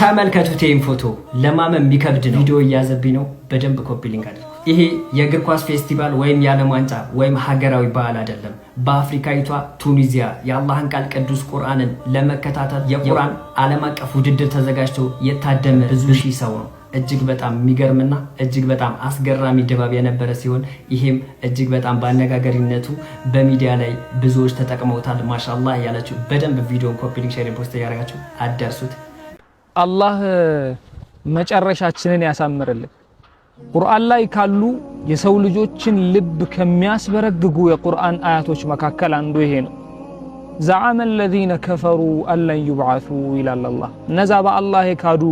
ተመልከቱት ይህን ፎቶ ለማመን የሚከብድ ነው። ቪዲዮ እያዘብኝ ነው። በደንብ ኮፒ ሊንክ አድርጉ። ይሄ የእግር ኳስ ፌስቲቫል ወይም የዓለም ዋንጫ ወይም ሀገራዊ በዓል አይደለም። በአፍሪካዊቷ ቱኒዚያ የአላህን ቃል ቅዱስ ቁርአንን ለመከታተል የቁርአን ዓለም አቀፍ ውድድር ተዘጋጅቶ የታደመ ብዙ ሺህ ሰው ነው። እጅግ በጣም የሚገርምና እጅግ በጣም አስገራሚ ድባብ የነበረ ሲሆን ይሄም እጅግ በጣም በአነጋገሪነቱ በሚዲያ ላይ ብዙዎች ተጠቅመውታል። ማሻላ ያለችው በደንብ ቪዲዮን ኮፒ ሊንክ ሼር ፖስት እያደረጋችሁ አዳርሱት። አላህ መጨረሻችንን ያሳምርልን። ቁርአን ላይ ካሉ የሰው ልጆችን ልብ ከሚያስበረግጉ የቁርአን አያቶች መካከል አንዱ ይሄ ነው። ዘዓመ አለዚነ ከፈሩ አለን ዩብዓሱ ይላል አላህ። እነዛ በአላህ የካዱ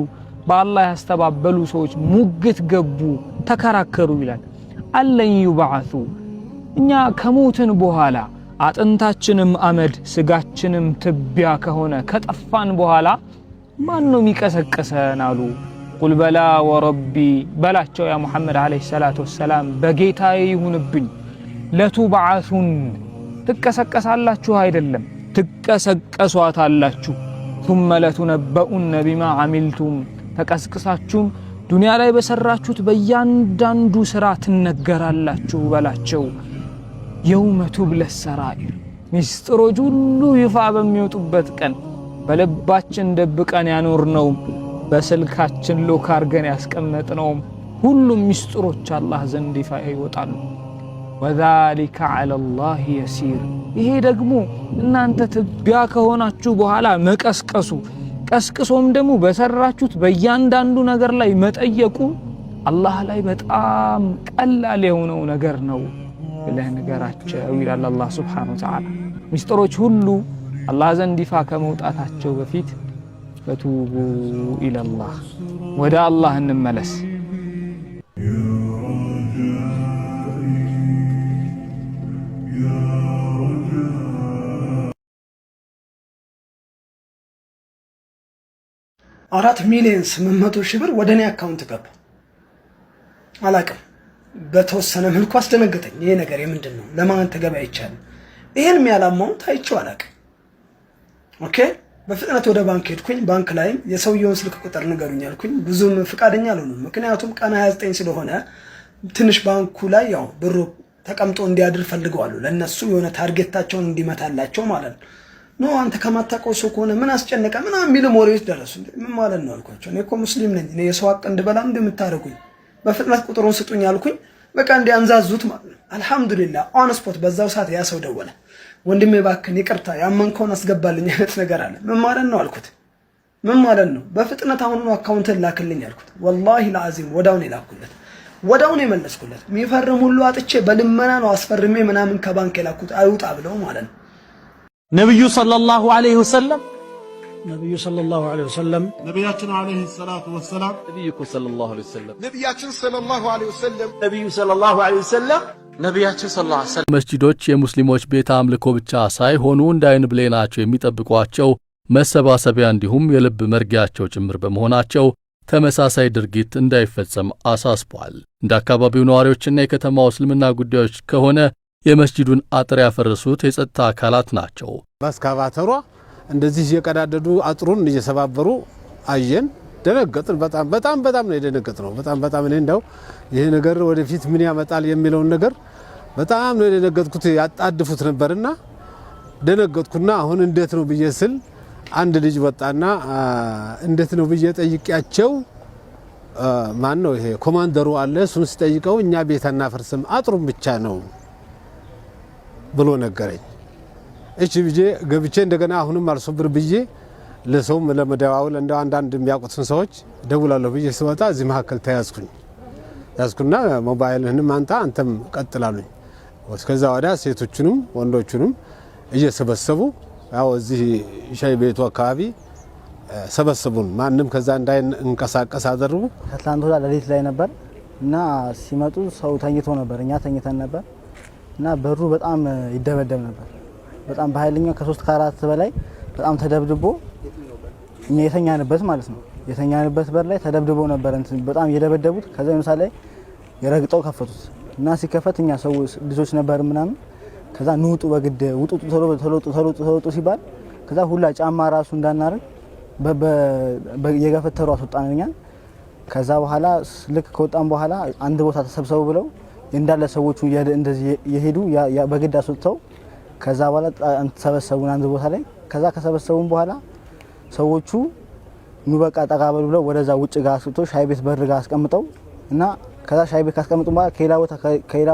በአላህ ያስተባበሉ ሰዎች ሙግት ገቡ፣ ተከራከሩ ይላል። አለን ዩብዓሱ እኛ ከሞትን በኋላ አጥንታችንም አመድ ስጋችንም ትቢያ ከሆነ ከጠፋን በኋላ ማን ነው ናሉ አሉ። ቁል በላ ወረቢ በላቸው ያ ሙሐመድ ዓለይሂ ሰላቱ ወሰላም በጌታዬ ይሁንብኝ። ለቱባዓቱን ትቀሰቀሳላችሁ አይደለም ትቀሰቀሷታላችሁ። ቱመ ለቱነበኡነ ቢማ አሚልቱም ተቀስቅሳችሁም ዱንያ ላይ በሰራችሁት በእያንዳንዱ ስራ ትነገራላችሁ በላቸው። የውመ ቱብለ ሰራኢር ሚስጥሮች ሁሉ ይፋ በሚወጡበት ቀን በልባችን ደብቀን ያኖርነው በስልካችን ሎክ አርገን ያስቀመጥነውም ሁሉም ሚስጥሮች አላህ ዘንድ ይፋ ይወጣሉ። ወዛሊከ ዐለላህ የሲር። ይሄ ደግሞ እናንተ ትቢያ ከሆናችሁ በኋላ መቀስቀሱ ቀስቅሶም ደግሞ በሰራችሁት በእያንዳንዱ ነገር ላይ መጠየቁ አላህ ላይ በጣም ቀላል የሆነው ነገር ነው ብለህ ነገራቸው ይላል አላህ ሱብሓነሁ ወተዓላ ሚስጥሮች ሁሉ አላህ ዘንድ ይፋ ከመውጣታቸው በፊት ፈቱቡ ኢለላህ ወደ አላህ እንመለስ። አራት ሚሊዮን ስምንት መቶ ሺህ ብር ወደ እኔ አካውንት ገባ። አላቅም በተወሰነ መልኩ አስደነገጠኝ። ይሄ ነገር የምንድን ነው? ለማን ተገበያይቻለሁ? ይሄን የሚያላማውን ታይቼው አላቅም። ኦኬ በፍጥነት ወደ ባንክ ሄድኩኝ። ባንክ ላይም የሰውየውን ስልክ ቁጥር ንገሩኝ አልኩኝ። ብዙም ፈቃደኛ አልሆኑም። ምክንያቱም ቀን 29 ስለሆነ ትንሽ ባንኩ ላይ ያው ብሩ ተቀምጦ እንዲያድር ፈልገዋሉ። ለእነሱ የሆነ ታርጌታቸውን እንዲመታላቸው ማለት ነው። ኖ አንተ ከማታውቀው ሰው ከሆነ ምን አስጨነቀ ምናምን የሚልም ወሬዎች ደረሱ። ምን ማለት ነው አልኳቸው። እኔ እኮ ሙስሊም ነኝ። እኔ የሰው አቅ እንድበላ እንደምታደርጉኝ በፍጥነት ቁጥሩን ስጡኝ አልኩኝ። በቃ እንዲያንዛዙት ማለት ነው። አልሐምዱሊላ ኦን ስፖት በዛው ሰዓት ያ ሰው ደወለ። ወንድሜ እባክህን ይቅርታ ያመንከውን አስገባልኝ አይነት ነገር አለ። ምን ማለት ነው አልኩት። ምን ማለት ነው? በፍጥነት አሁኑ አካውንትን ላክልኝ አልኩት። ወላሂ ለአዚም ወዳውን የላኩለት ወዳውን የመለስኩለት የሚፈርም ሁሉ አጥቼ በልመና ነው አስፈርሜ ምናምን ከባንክ የላኩት አይውጣ ብለው ማለት ነው። ነብዩ ሰለላሁ ዐለይሂ ወሰለም ነብዩ ሰለላሁ ዐለይሂ ወሰለም ነብያችን ዐለይሂ ሰላቱ ወሰላም ነብዩ ሰለላሁ ዐለይሂ ወሰለም ነብያችን ሰለላሁ ዐለይሂ ወሰለም ነብዩ ሰለላሁ ዐለይሂ ወሰለም ነቢያችን ስለ ዐለይሂ መስጂዶች የሙስሊሞች ቤተ አምልኮ ብቻ ሳይሆኑ እንደ አይን ብሌ ናቸው የሚጠብቋቸው መሰባሰቢያ እንዲሁም የልብ መርጊያቸው ጭምር በመሆናቸው ተመሳሳይ ድርጊት እንዳይፈጸም አሳስቧል። እንደ አካባቢው ነዋሪዎችና የከተማው እስልምና ጉዳዮች ከሆነ የመስጂዱን አጥር ያፈረሱት የጸጥታ አካላት ናቸው። በስካቫተሯ እንደዚህ እየቀዳደዱ አጥሩን እየሰባበሩ አየን። ደነገጥን። በጣም በጣም በጣም ነው የደነገጥ ነው። በጣም በጣም እኔ እንደው ይሄ ነገር ወደፊት ምን ያመጣል የሚለውን ነገር በጣም ነው የደነገጥኩት። ያጣድፉት ነበርና ደነገጥኩና አሁን እንዴት ነው ብዬ ስል አንድ ልጅ ወጣና እንዴት ነው ብዬ ጠይቄያቸው ማን ነው ይሄ ኮማንደሩ አለ። እሱን ስጠይቀው እኛ ቤት አናፈርስም አጥሩም ብቻ ነው ብሎ ነገረኝ። እቺ ብዬ ገብቼ እንደገና አሁንም አልሶብር ብዬ ለሰውም ለመደዋወል እንደ አንዳንድ የሚያውቁትን ሰዎች ደውላለሁ ብዬ ስወጣ እዚህ መካከል ተያዝኩኝ። ያዝኩና ሞባይልህንም አንታ አንተም ቀጥላሉኝ። እስከዛ ወዲያ ሴቶቹንም ወንዶቹንም እየሰበሰቡ ያው እዚህ ሻይ ቤቱ አካባቢ ሰበሰቡን። ማንም ከዛ እንዳይንቀሳቀስ አደረጉ። ከትላንት ወዲያ ሌሊት ላይ ነበር እና ሲመጡ ሰው ተኝቶ ነበር፣ እኛ ተኝተን ነበር እና በሩ በጣም ይደበደብ ነበር። በጣም በኃይለኛ ከሶስት ከአራት በላይ በጣም ተደብድቦ እኛ የተኛንበት ማለት ነው። የተኛንበት በር ላይ ተደብድበው ነበር እንትን በጣም የደበደቡት። ከዛ ምሳ ላይ የረግጠው ከፈቱት እና ሲከፈት እኛ ሰው ልጆች ነበር ምናምን ከዛ ንውጡ በግድ ውጡጡ ተሎ ውጡ ተለውጡ ሲባል ከዛ ሁላ ጫማ ራሱ እንዳናረግ የገፈተሩ አስወጣን እኛን። ከዛ በኋላ ልክ ከወጣን በኋላ አንድ ቦታ ተሰብሰቡ ብለው እንዳለ ሰዎቹ እንደዚህ የሄዱ በግድ አስወጥተው ከዛ በኋላ ሰበሰቡን አንድ ቦታ ላይ። ከዛ ከሰበሰቡን በኋላ ሰዎቹ ኑ በቃ ብለው ወደዛ ውጭ ጋር አስቶ ሻይ ቤት በር ጋር አስቀምጠው እና ከዛ ሻይ ቤት ካስቀምጡ በኋላ ከሌላ ቦታ ከሌላ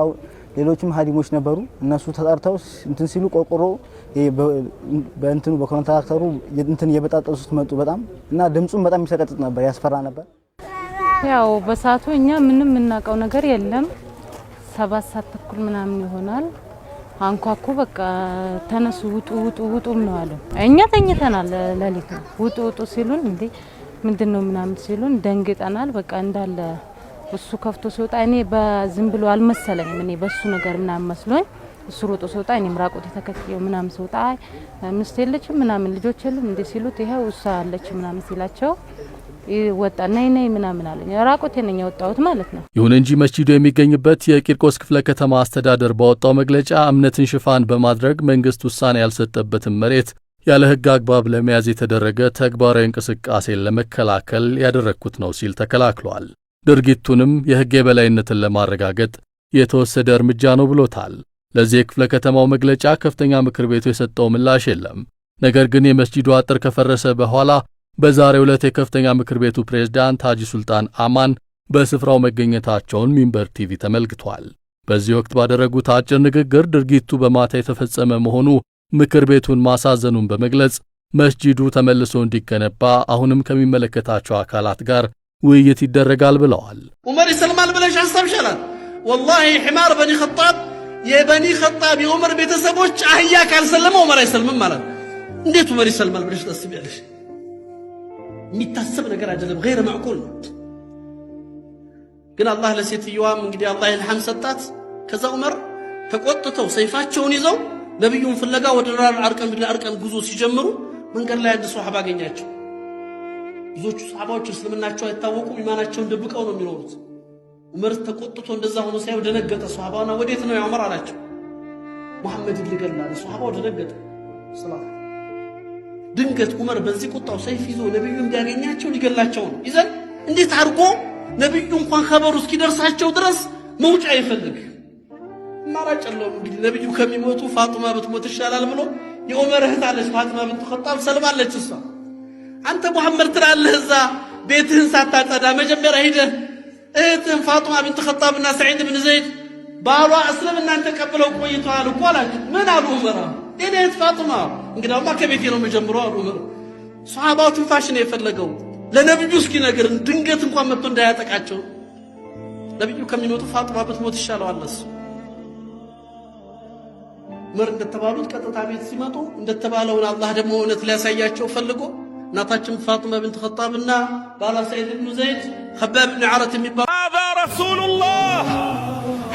ሌሎችም ሀዲሞች ነበሩ። እነሱ ተጠርተው እንትን ሲሉ ቆርቆሮ በእንትኑ በኮንትራክተሩ እንትን እየበጣጠሱት መጡ በጣም እና ድምፁም በጣም ይሰቀጥጥ ነበር፣ ያስፈራ ነበር። ያው በሰዓቱ እኛ ምንም የምናውቀው ነገር የለም። ሰባት ሰዓት ተኩል ምናምን ይሆናል አንኳኩ በቃ ተነሱ፣ ውጡ፣ ውጡ፣ ውጡም ነው አለ። እኛ ተኝተናል፣ ሌሊት ነው። ውጡ ውጡ ሲሉን እንዴ ምንድን ነው ምናምን ሲሉን ደንግጠናል። በቃ እንዳለ እሱ ከፍቶ ሲወጣ እኔ በዝም ብሎ አልመሰለኝም። እኔ በሱ ነገር ምናምን መስሎኝ እሱ ሮጦ ሲወጣ እኔም ራቆት የተከትየው ምናምን ሲወጣ ምስት የለችም ምናምን ልጆች የሉም እንዴ ሲሉት ይኸው እሷ አለች ምናምን ሲላቸው ወጣ ናይ ናይ ምናምን አለኝ። ራቁቴን ነኝ የወጣሁት ማለት ነው። ይሁን እንጂ መስጂዱ የሚገኝበት የቂርቆስ ክፍለ ከተማ አስተዳደር ባወጣው መግለጫ እምነትን ሽፋን በማድረግ መንግስት ውሳኔ ያልሰጠበትን መሬት ያለ ህግ አግባብ ለመያዝ የተደረገ ተግባራዊ እንቅስቃሴን ለመከላከል ያደረግኩት ነው ሲል ተከላክሏል። ድርጊቱንም የህግ የበላይነትን ለማረጋገጥ የተወሰደ እርምጃ ነው ብሎታል። ለዚህ የክፍለ ከተማው መግለጫ ከፍተኛ ምክር ቤቱ የሰጠው ምላሽ የለም። ነገር ግን የመስጂዱ አጥር ከፈረሰ በኋላ በዛሬ ዕለት የከፍተኛ ምክር ቤቱ ፕሬዝዳንት ሐጂ ሱልጣን አማን በስፍራው መገኘታቸውን ሚንበር ቲቪ ተመልክቷል። በዚህ ወቅት ባደረጉት አጭር ንግግር ድርጊቱ በማታ የተፈጸመ መሆኑ ምክር ቤቱን ማሳዘኑን በመግለጽ መስጂዱ ተመልሶ እንዲገነባ አሁንም ከሚመለከታቸው አካላት ጋር ውይይት ይደረጋል ብለዋል። ዑመር ይሰልማል ብለሽ አስታውሻላል። ወላሂ ሒማር በኒ ኸጣብ የበኒ ኸጣብ የዑመር ቤተሰቦች አህያ ካልሰለመ ዑመር አይሰልምም ማለት ነው። እንዴት ዑመር ይሰልማል ብለሽ ታስቢያለሽ? የሚታሰብ ነገር አይደለም ገይረ ማዕቁል ነው ግን አላህ ለሴትዮዋም እንግዲህ አላህ ኢልሃም ሰጣት ከዛ ዑመር ተቆጥተው ሰይፋቸውን ይዘው ነቢዩን ፍለጋ ወደ ራር አርቀን ቢላ አርቀን ጉዞ ሲጀምሩ መንገድ ላይ አንድ ሶሐባ አገኛቸው ብዙዎቹ ሶሐባዎች እስልምናቸው አይታወቁም ኢማናቸውን ደብቀው ነው የሚኖሩት ዑመር ተቆጥቶ እንደዛ ሆኖ ሳይው ደነገጠ ሶሐባውና ወዴት ነው ያ ዑመር አላቸው መሐመድን ልገላ ሶሐባው ደነገጠ ሰላም دنگت عمر بنزي كنت أوصي في زو نبي يوم دارين ياتي ولي قال لا تشون إذا أنت تعرفوا نبي يوم كان خبر روس كدرس هاد تشو درس موج أي فلك ما رأيت الله مقبل نبي يوم كم يموت وفاطمة بتموت الشال على ملو يوم رح تعالى شو فاطمة بتخطى وسلم على تشوسا أنت محمد ترى الله زا بيتهن ساتا تدا ما جنب رهيدة إيه فاطمة بتخطى من الناس عند بن زيد بارو أسلم إن أنت قبله كويتو على كولك من على عمره هنا فاطمة قال ما كان يثير من جمرة صحابات فاشن يفلقوا لنبي يوسكي نقر دنقت مقام مبتون دياتك عجو نبي يوكم يموت فاطمة بتموت الشالو على السو مر عند التبالوت كتا تابي تسيماتو عند التبالو ان الله جمعونا ثلاثة سيئة شو فلقوا ناتاكم فاطمة بنت خطاب النا بالا سيد بن زيد خباب بن عرة هذا رسول الله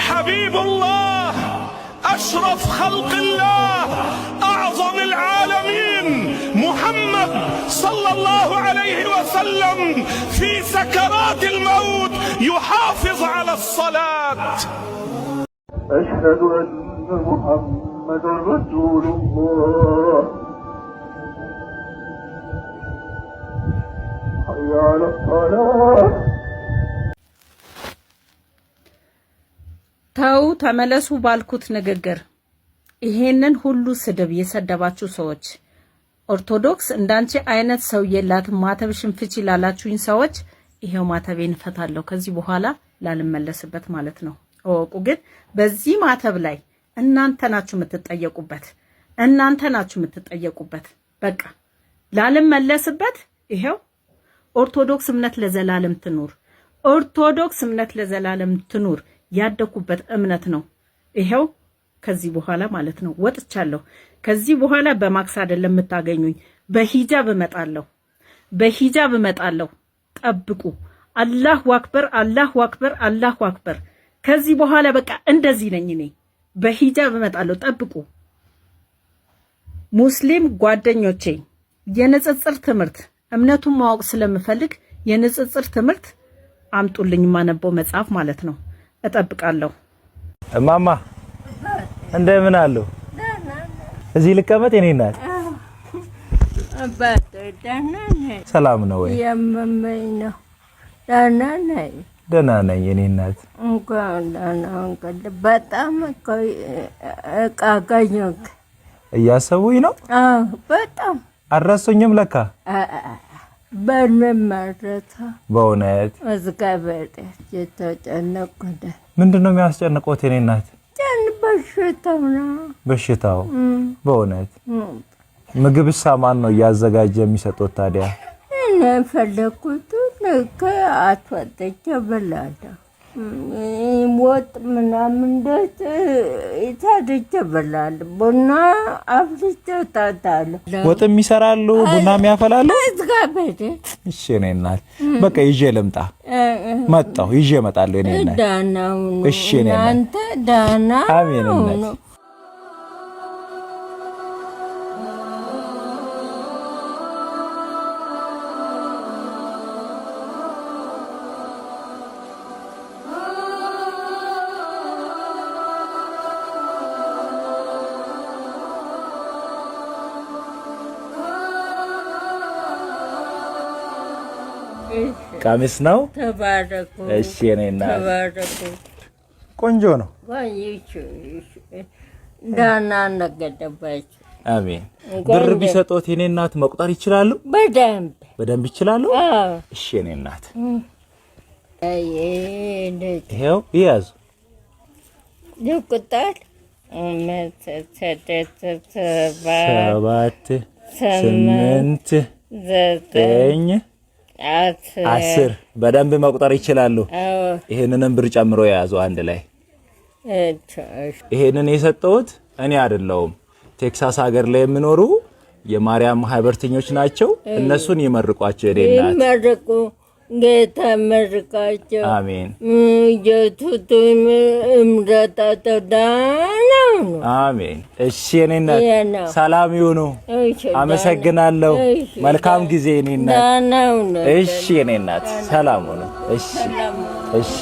حبيب الله أشرف خلق الله أعظم العالمين محمد صلى الله عليه وسلم في سكرات الموت يحافظ على الصلاة أشهد أن محمد رسول الله حي على الصلاة ተው ተመለሱ ባልኩት ንግግር ይሄንን ሁሉ ስድብ የሰደባችሁ ሰዎች ኦርቶዶክስ እንዳንቺ አይነት ሰው የላት ማተብሽን ፍቺ ላላችሁኝ ሰዎች ይሄው ማተቤን እፈታለሁ። ከዚህ በኋላ ላልመለስበት ማለት ነው። እወቁ። ግን በዚህ ማተብ ላይ እናንተ ናችሁ የምትጠየቁበት፣ እናንተ ናችሁ የምትጠየቁበት። በቃ ላልመለስበት ይሄው። ኦርቶዶክስ እምነት ለዘላለም ትኑር። ኦርቶዶክስ እምነት ለዘላለም ትኑር። ያደኩበት እምነት ነው። ይሄው ከዚህ በኋላ ማለት ነው ወጥቻለሁ። ከዚህ በኋላ በማክስ አይደለም የምታገኙኝ፣ በሂጃብ እመጣለሁ፣ በሂጃብ እመጣለሁ። ጠብቁ። አላሁ አክበር፣ አላሁ አክበር፣ አላሁ አክበር። ከዚህ በኋላ በቃ እንደዚህ ነኝ እኔ። በሂጃብ እመጣለሁ፣ ጠብቁ። ሙስሊም ጓደኞቼ የንጽጽር ትምህርት እምነቱን ማወቅ ስለምፈልግ የንጽጽር ትምህርት አምጡልኝ፣ የማነበው መጽሐፍ ማለት ነው። እጠብቃለሁ። እማማ እንደምን አሉ? እዚህ ልቀመጥ የኔ እናት። ሰላም ነው ወይ? የምመኝ ነው። ደህና ነኝ፣ ደህና ነኝ የኔ እናት። እንኳን ደህና እንግዲህ በጣም እቃ ገኘሁ። እያሰቡኝ ነው? አዎ በጣም አልረሱኝም ለካ በንመረታ በእውነት እግዚአብሔር የተጨነቁ ምንድን ነው የሚያስጨንቆት? የኔ እናት በሽታው ነው በሽታው። በእውነት ምግብሳ ማን ነው እያዘጋጀ የሚሰጡት ታዲያ? እኔ ፈለኩት ወጥ ምናምን እንደት ታድጀ እበላለሁ። ቡና አፍልቼ እጠጣለሁ። ወጥም ይሰራሉ፣ ቡናም ያፈላሉ። እሺ፣ እኔ እናት በቃ ይዤ ልምጣ። መጣሁ፣ ይዤ እመጣለሁ። እኔ እናት እሺ፣ እኔ እናት አንተ ዳና አሜን እናት ቀሚስ ነው። ተባረኩ። እሺ እኔ እናት ተባረኩ። ቆንጆ ነው። ቆንጆ ዳና እናገደባቸው። አሜን። ብር ቢሰጦት የኔ እናት መቁጠር ይችላሉ? በደንብ በደንብ ይችላሉ። እሺ የኔ እናት ይኸው ይያዙ ይቁጠር ሰባት ስምንት ዘጠኝ አስር በደንብ መቁጠር ይችላሉ። ይሄንንም ብር ጨምሮ የያዙ አንድ ላይ ይሄንን የሰጠሁት እኔ አይደለሁም። ቴክሳስ ሀገር ላይ የሚኖሩ የማርያም ማህበርተኞች ናቸው። እነሱን ይመርቋቸው። እኔ እናት ይመርቁ፣ ጌታ ይመርቃቸው። አሜን ጀቱቱ እምረጣ አሜን። እሺ የኔ እናት ሰላም ይሁኑ። አመሰግናለሁ። መልካም ጊዜ የኔ እናት። እሺ የኔ እናት ሰላም ሁኑ። እሺ እሺ